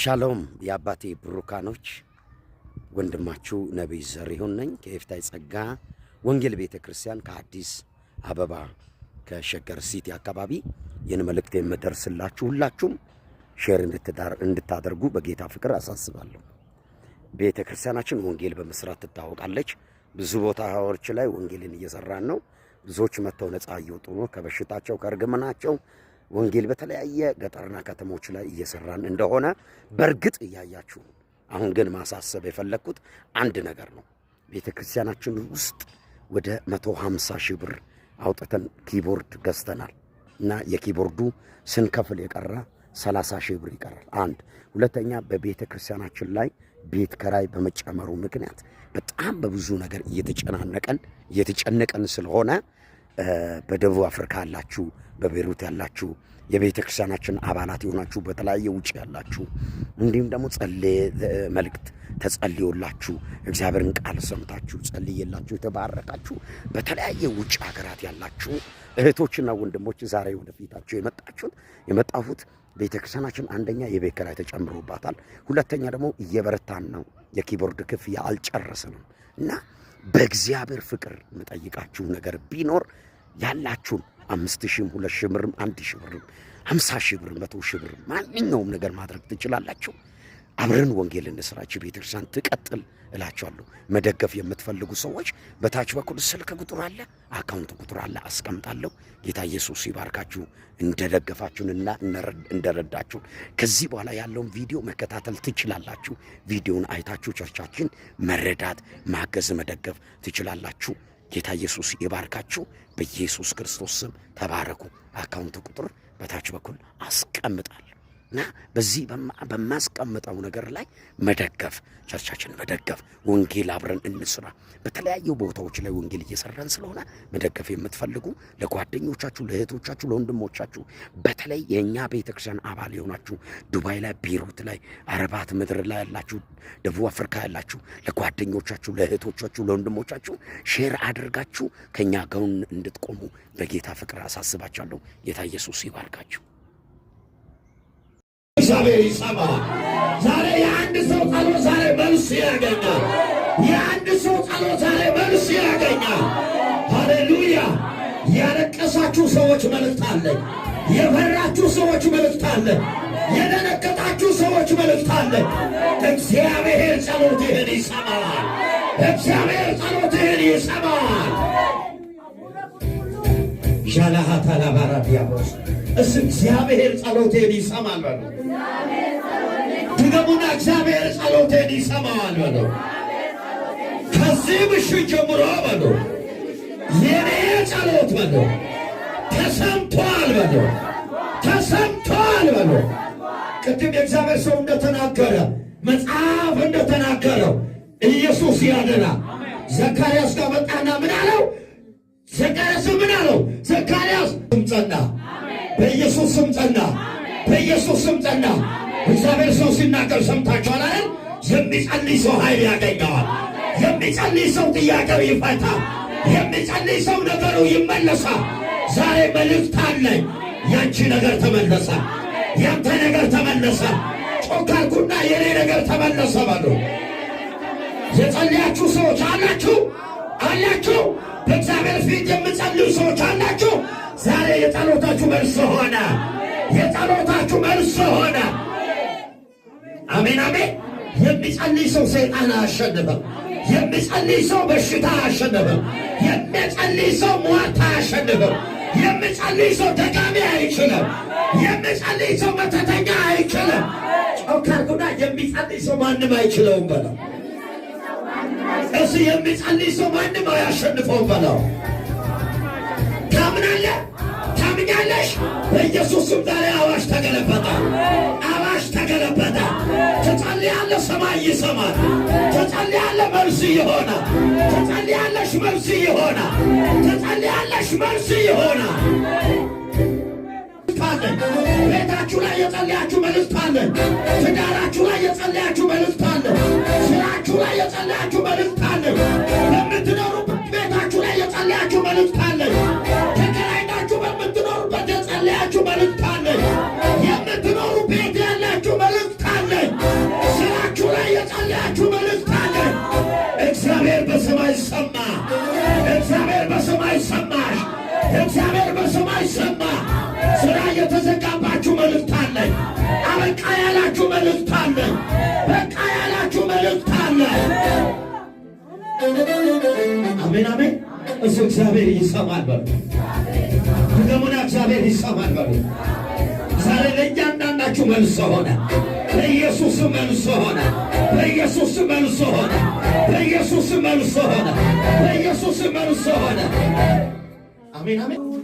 ሻሎም የአባቴ ብሩካኖች፣ ወንድማችሁ ነቢይ ዘሪሁን ነኝ ከኤፍታይ ጸጋ ወንጌል ቤተ ክርስቲያን ከአዲስ አበባ ከሸገር ሲቲ አካባቢ ይህን መልእክት የምደርስላችሁ ሁላችሁም ሼር እንድታደርጉ በጌታ ፍቅር አሳስባለሁ። ቤተ ክርስቲያናችን ወንጌል በመስራት ትታወቃለች። ብዙ ቦታዎች ላይ ወንጌልን እየሰራን ነው። ብዙዎች መጥተው ነፃ እየወጡ ነው፣ ከበሽታቸው ከእርግምናቸው ወንጌል በተለያየ ገጠርና ከተሞች ላይ እየሰራን እንደሆነ በእርግጥ እያያችሁ። አሁን ግን ማሳሰብ የፈለግኩት አንድ ነገር ነው። ቤተ ክርስቲያናችን ውስጥ ወደ 150 ሺህ ብር አውጥተን ኪቦርድ ገዝተናል እና የኪቦርዱ ስንከፍል የቀራ 30 ሺህ ብር ይቀራል። አንድ ሁለተኛ፣ በቤተ ክርስቲያናችን ላይ ቤት ከራይ በመጨመሩ ምክንያት በጣም በብዙ ነገር እየተጨናነቀን እየተጨነቀን ስለሆነ በደቡብ አፍሪካ ያላችሁ፣ በቤሩት ያላችሁ፣ የቤተ ክርስቲያናችን አባላት የሆናችሁ፣ በተለያየ ውጭ ያላችሁ እንዲሁም ደግሞ ጸሌ መልእክት ተጸልዮላችሁ እግዚአብሔርን ቃል ሰምታችሁ ጸልየላችሁ የተባረካችሁ በተለያየ ውጭ ሀገራት ያላችሁ እህቶችና ወንድሞች ዛሬ ወደፊታችሁ የመጣችሁት የመጣሁት ቤተ ክርስቲያናችን አንደኛ የቤት ኪራይ ተጨምሮባታል። ሁለተኛ ደግሞ እየበረታን ነው። የኪቦርድ ክፍያ አልጨረስንም እና በእግዚአብሔር ፍቅር የምጠይቃችሁ ነገር ቢኖር ያላችሁን አምስት ሺህም ሁለት ሺህ ብርም አንድ ሺህ ብርም ሀምሳ ሺህ ብር መቶ ሺህ ብር ማንኛውም ነገር ማድረግ ትችላላችሁ። አብረን ወንጌል እንስራችሁ ቤተክርስቲያን ትቀጥል እላችኋለሁ። መደገፍ የምትፈልጉ ሰዎች በታች በኩል ስልክ ቁጥር አለ፣ አካውንት ቁጥር አለ፣ አስቀምጣለሁ። ጌታ ኢየሱስ ይባርካችሁ። እንደደገፋችሁንና እንደረዳችሁን ከዚህ በኋላ ያለውን ቪዲዮ መከታተል ትችላላችሁ። ቪዲዮውን አይታችሁ ቸርቻችን መረዳት፣ ማገዝ፣ መደገፍ ትችላላችሁ። ጌታ ኢየሱስ ይባርካችሁ። በኢየሱስ ክርስቶስ ስም ተባረኩ። አካውንት ቁጥር በታች በኩል አስቀምጣለሁ። እና በዚህ በማስቀምጠው ነገር ላይ መደገፍ ቸርቻችን መደገፍ ወንጌል አብረን እንስራ። በተለያዩ ቦታዎች ላይ ወንጌል እየሰራን ስለሆነ መደገፍ የምትፈልጉ ለጓደኞቻችሁ፣ ለእህቶቻችሁ፣ ለወንድሞቻችሁ በተለይ የእኛ ቤተክርስቲያን አባል የሆናችሁ ዱባይ ላይ፣ ቤሩት ላይ፣ አረባት ምድር ላይ ያላችሁ፣ ደቡብ አፍሪካ ያላችሁ ለጓደኞቻችሁ፣ ለእህቶቻችሁ፣ ለወንድሞቻችሁ ሼር አድርጋችሁ ከእኛ ጋውን እንድትቆሙ በጌታ ፍቅር አሳስባችኋለሁ። ጌታ ኢየሱስ ይባርካችሁ። እግዚአብሔር ይሰማል። ዛሬ የአንድ ሰው ጸሎት ዛሬ መልስ ያገኛል። የአንድ ሰው ጸሎት ዛሬ መልስ ያገኛል። ሃሌሉያ! ያለቀሳችሁ ሰዎች መልእክት አለኝ። የፈራችሁ ሰዎች መልእክት አለኝ። የደነገጣችሁ ሰዎች መልእክት አለኝ። እግዚአብሔር ጸሎትህን ይሰማል። እግዚአብሔር ጸሎትህን ይሰማል። ላባራ ዲያቦስ እስ እግዚአብሔር ይሰማል በሉ ደሙና እግዚአብሔር ጸሎቴን ይሰማል በለው። ከዚህ ምሽት ጀምሮ በለው የኔ ጸሎት በለው ተሰምቷል በለው ተሰምቷል በለው። ቅድም የእግዚአብሔር ሰው እንደተናገረ መጽሐፍ እንደተናገረው ኢየሱስ ያደና ዘካርያስ ጋር መጣና ምን አለው? ዘካርያስ ምን አለው? ዘካርያስ ስም ጸና፣ በኢየሱስ ስም ጸና፣ በኢየሱስ ስም ጸና እግዚአብሔር ሰው ሲናገር ሰምታችኋል አይደል? የሚጸልይ ሰው ኃይል ያገኘዋል። የሚጸልይ ሰው ጥያቄው ይፈታል። የሚጸልይ ሰው ነገሩ ይመለሳል። ዛሬ መልእክት አለኝ። ያንቺ ነገር ተመለሰ፣ ያንተ ነገር ተመለሰ። ጮካልኩና የኔ ነገር ተመለሰ በሉ። የጸልያችሁ ሰዎች አላችሁ አላችሁ። በእግዚአብሔር ፊት የምጸልዩ ሰዎች አላችሁ። ዛሬ የጸሎታችሁ መልስ ሆነ። የጸሎታችሁ መልስ ሆነ። አሜን አሜን። የሚጸልይ ሰው ሰይጣን አያሸንፈም። የሚጸልይ ሰው በሽታ አያሸንፈም። የሚጸልይ ሰው ሟርት አያሸንፈም። የሚጸልይ ሰው ደጋሚ አይችልም። የሚጸልይ ሰው መተተኛ አይችልም። ጨውካርኩና የሚጸልይ ሰው ማንም አይችለውም በለው። እሱ የሚጸልይ ሰው ማንም አያሸንፈውም በለው። ታምናለህ? ታምኛለሽ? በኢየሱስም ዛሬ አዋሽ ተገለበጠ። ተገለበጠ። ተጸልያለ፣ ሰማይ ይሰማል። ተጸልያለ፣ መልስ ይሆናል። ተጸልያለሽ፣ መልስ ይሆናል። ተጸልያለሽ፣ መልስ ይሆናል። ቤታችሁ ላይ የጸለያችሁ መልእክት አለ። ትዳራችሁ ላይ የጸለያችሁ መልእክት አለ። እግዚአብሔር በሰማይ ሰማ። ስራ የተዘጋባችሁ መልእክት አለኝ። አበቃ ያላችሁ መልእክት አለኝ። በቃ ያላችሁ መልእክት አለኝ። አሜን አሜን። እሱ እግዚአብሔር ይሰማል በሉ ደሙና እግዚአብሔር ይሰማል በሉ። ዛሬ ለእያንዳንዳችሁ መልሶ ሆነ። በኢየሱስ መልሶ ሆነ። በኢየሱስ መልሶ ሆነ። በኢየሱስ መልሶ ሆነ። በኢየሱስ መልሶ ሆነ። Amén, amén.